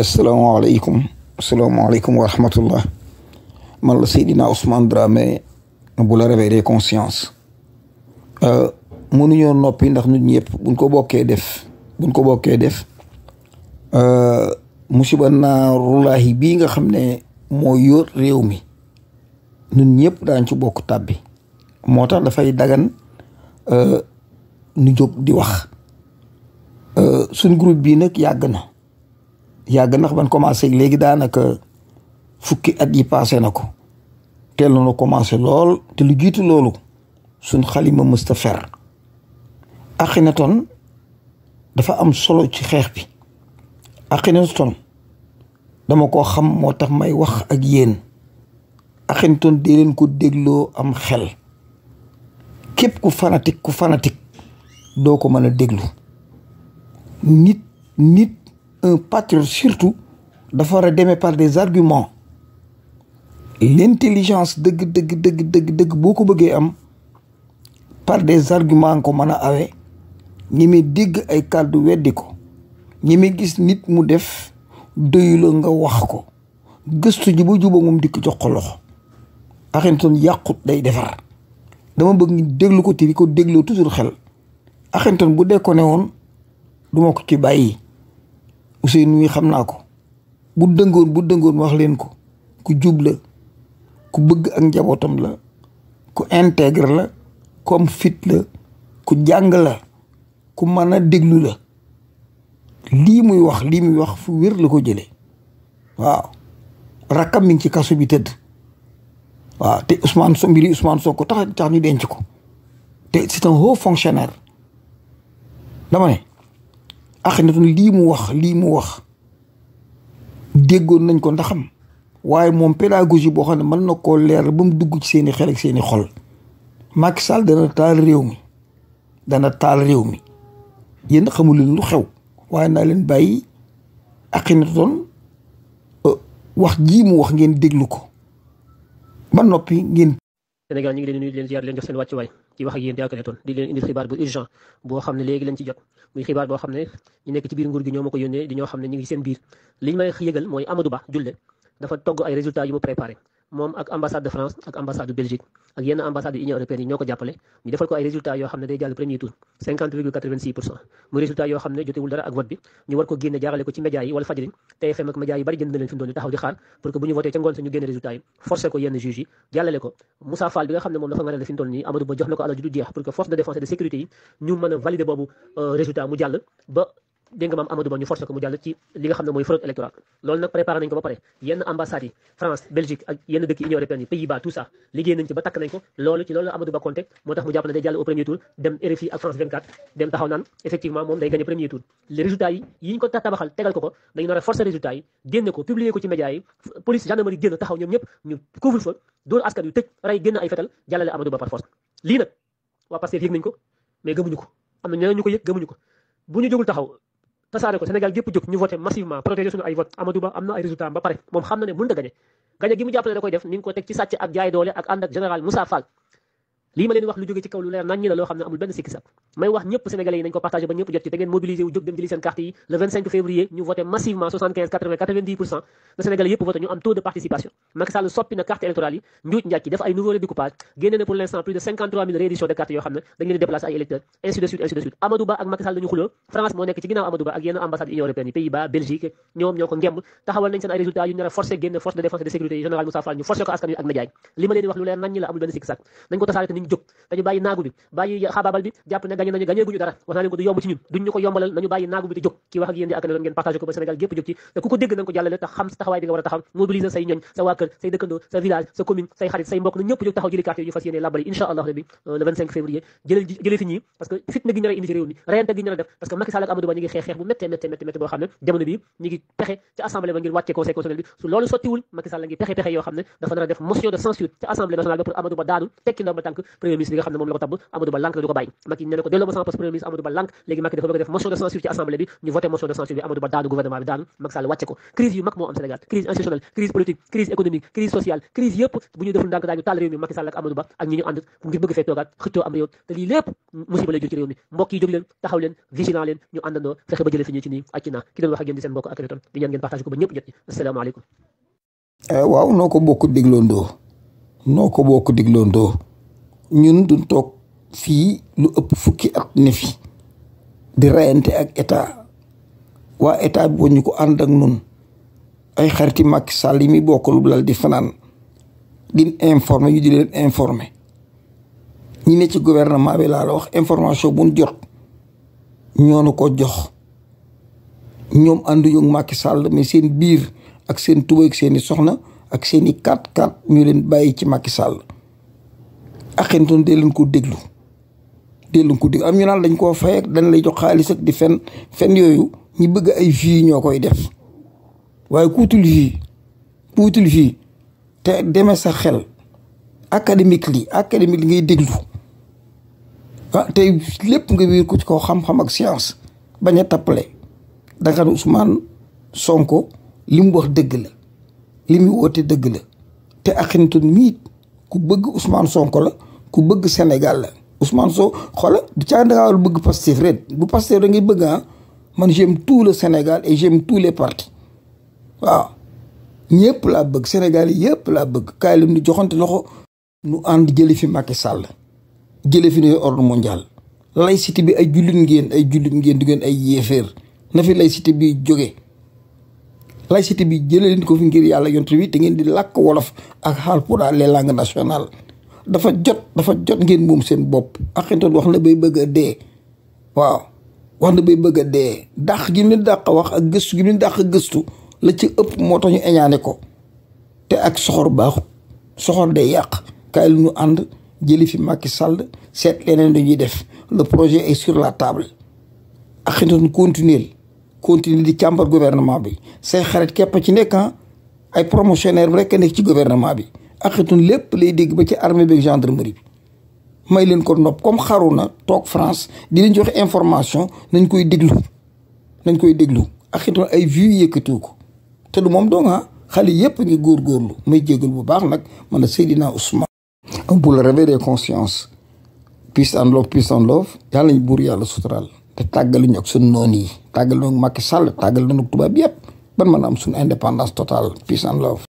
asalaamaaleykum asalaamaaleykum wa rahmatullah man la Seydina Ousmane Dramé bu la réveillé conscience euh, mënuñoo noppi ndax nit ñëpp buñ ko bokkee def buñ ko bokkee def euh, musiba naarulaahi bii nga xam ne moo yóor réew mi ñun ñëpp daañ ci bokk tàbbi moo tax dafay dagan nu euh, jóg di wax suñ groupe bii nag yàgg na yàgg ndax ban commencé léegi daanaka fukki at yi passé na ko teel na commencé lool te lu jiitu loolu suñ xalima mësta fer Akhenaton dafa am solo ci xeex bi Akhenaton dama ko xam moo tax may wax ak yéen Akhenaton dee leen ko dégloo am xel képp ku fanatique ku fanatique doo ko mën a déglu nit nit un patriote surtout dafa war a demee par des arguments l'intelligence dëgg dëgg dëgg dëgg dëgg boo ko bëggee am par des arguments ko mën a awe ñi muy dégg ay kàddu weddi ko ñi muy gis nit mu def doyula nga wax ko gëstu ji bu juba moom dikk jox ko loxo Akhenaton yàqut day defar dama bëgg déglu ko te di ko dégloo toujours xel Akhenaton bu dee ko ne woon duma ko ci bàyyi Ousseynou yi xam naa ko bu dëngoon bu dëngoon wax leen ko ku jub la ku bëgg ak njabootam la ku integre la ku am fit la ku jàng la ku mën a déglu la lii muy wax lii muy wax fu wér la ko jëlee waaw rakkam mi ngi ci kaso bi tëdd waaw te Ousmane so mbiri Ousmane Sonko tax tax ñu denc ko te c'est un haut fonctionnaire dama ne Akhenaton lii mu wax lii mu wax déggoon nañ ko ndaxam waaye moom pédagogie boo xam ne man na koo leer ba mu dugg ci seeni xel seeni xol Macky Sall dana taal réew mi dana taal réew mi yéen xamul lu xew waaye naa leen bàyyi Akhenaton euh, wax jii mu wax ngeen déglu ko ba noppi ngeen Sénégal ñu ngi leen di nuyu leen ziar leen jox seen wàccuwaay ci wax ak yéen Diakhanétone di leen xibaar bu urgent boo xam ne léegi lañ ci jot muy xibaar boo xam ne ñu nekk ci biir nguur gi ñoo ma ko yónnee di ñoo xam ne ñu ngi seen biir liñ may yëgal mooy Amadou Ba Julle dafa togg ay résultats yu mu préparé moom ak ambassade de France ak ambassade de Belgique ak yenn ambassade yu Union européenne yi ñoo ko jàppale ñu defal ko ay résultats yoo xam ne day jàll premier tour 50 virgule yoo xam ne jotewul dara ak vote bi ñu war ko génne jaarale ko ci média yi wala fajri TFM ak média yu bari jënd na leen fi mu taxaw di xaar pour que bu ñu voté ca ngoon sa ñu génne résultats yi forcé ko yenn juges yi jàllale ko Moussa Fall bi nga xam ne moom dafa dégg maam Amadou ñu forcé ko mu jàll ci li nga xam ne mooy fraude électorale loolu nag préparé nañ ko ba pare yenn ambassades yi France Belgique ak yenn dëkk Union européenne yi Pays-Bas tout ça liggéey nañ ci ba takk nañ ko loolu ci loolu Amadou Ba moo tax mu jàpp day jàll au premier tour dem RFI ak France 24 dem taxaw naan effectivement moom day gagné premier tour les résultats yi yi ñu ko tabaxal tegal ko ko dañu nar force tasaare ko Sénégal gépp jóg massivement protéger suñu ay vote Amadou Ba am na ay résultats pare moom xam na ne mënut a gañe gañe gi mu jàpp koy def ni ko teg ci sàcc ak jaay doole ak ànd ak général Moussa Fall lii ma leen wax lu jóge ci kaw lu leer nañ la loo xam ne amul benn sikki may wax ñëpp sénégalais yi nañ ko partagé ba ñëpp jot ci te ngeen mobilisé wu jóg dem jëli seen carte yi le février ñu voté massivement 75 80 90 pour ñu am taux de participation Macky Sall soppi na yi njuuj njaaj def ay nouveau redécoupage de 53 yoo xam ne dañ leen déplacé ay électeurs ainsi de de suite Amadou Ba ak Macky dañu xuloo France moo nekk ci nañ jóg dañu naagu bi bàyyi xabaabal bi jàpp ne gañee guñu dara wax naa leen ko du yomb ci ñun duñ ñu ko yombalal nañu bàyyi naagu bi te jóg kii wax ak yéen di àggale loon ngeen partagé ko ba Sénégal gépp jóg ci te ko dégg nañ ko jàllale te xam taxawaay bi nga war a taxaw mobiliser say ñooñ sa waa say dëkkandoo sa village sa commune say xarit say mbokk na ñëpp jóg taxaw jëli carte yi ñu fas yéene làbbali incha allah rabbi euh, loolu sottiwul Macky premier ministre bi nga xam ne premier ministre Amadou Ba léegi Macky dafa motion de censure bi ñu voté motion de censure bi daanu gouvernement bi daanu Macky Sall wàcce ko crise yu mag moo am Sénégal crise institutionnelle crise politique crise économique crise sociale crise yëpp bu ñu deful ndànk daañu taal réew mi Macky Sall ak Amadou ak ñi ñu ànd ngir bëgg fee toogaat xëccoo am réew te lii lépp musiba jur ci réew mi mbokk yi ñun duñ toog fii lu ëpp fukki at ne di rayante ak état waa état bi ñu ko ànd ak nun ay xariti Macky Sall yi mi bokkalub lal di fanaan din informe yu di leen informé ñi ne ci gouvernement bi laa wax information buñ jot ñoonu ko jox ñoom ànduñu ak Macky Sall mais seen biir ak seen tubéy ak seeni soxna ak seeni kat kat ñu leen bàyyi ci Macky Sall Akhenaton dee leen ko déglu dee leen ko déglu am ñu naan lañ koo fay ak dañ lay jox xaalis ak di fen fen yooyu ñi bëgg ay vues ñoo koy def waaye kuutul vue kuutul vue te deme sa xel académique li académique li ngay déglu ah tey lépp nga wéer ko ci kaw xam-xam ak science bañ a tappale danga ne Ousmane Sonko li wax dëgg la li mu woote dëgg la te Akhenaton miit ku bëgg Ousmane Sonko la ku bëgg Sénégal la Ousmane Sow xoola du caagan da war bëgg Pastef red bu Pastef da ngay bëgg ah man j'aime tout le Sénégal et j'aime tous les partis waaw ñëpp laa bëgg Sénégal yëpp laa bëgg kaay lu joxante loxo nu ànd jële fi Macky sàll jële fi nuy ordre mondial laïcité bi ay jullit ngeen ay jullit ngeen di ngeen ay yéeféer na fi laïcité bi jóge laïcité bi jële leen ko fi ngir yàlla yont bi te ngeen di làkk wolof ak haalpulaar les langues national dafa jot dafa jot ngeen moom seen bopp Akhenaton wax na bay bëgg a dee waaw wax na bay bëgg a dee dàq gi mu dàq wax ak gëstu gi mu dàq gëstu la ci ëpp moo tax ñu eñaane ko te ak soxor baaxu soxor day yàq kaay lu ñu ànd jëli fi Macky Sall seet leneen dañuy def le projet est sur la table Akhenaton continuer continuer di càmbar gouvernement bi say xarit képp ci nekk ah, ay promotionnaire bi rek nekk ci gouvernement bi aqitun lépp lay dégg ba ci armée bi gendarmerie bi may leen ko nopp comme xaru na toog France dinañ leen joxe information nañ koy déglu nañ koy déglu aqitun ay vues yëkkatiw ko te du moom dong ah xale yëpp ngi góor góorlu may jégal bu baax nag man a Seydina Ousmane pour le de des consciences peace and love peace and love yàlla nañ buur yàlla sutural te tàggaluñu ak suñ noon yi tàggaluñu ak Macky tàggal tàggaluñu ak tubaab yëpp ban mën a am suñu indépendance totale peace and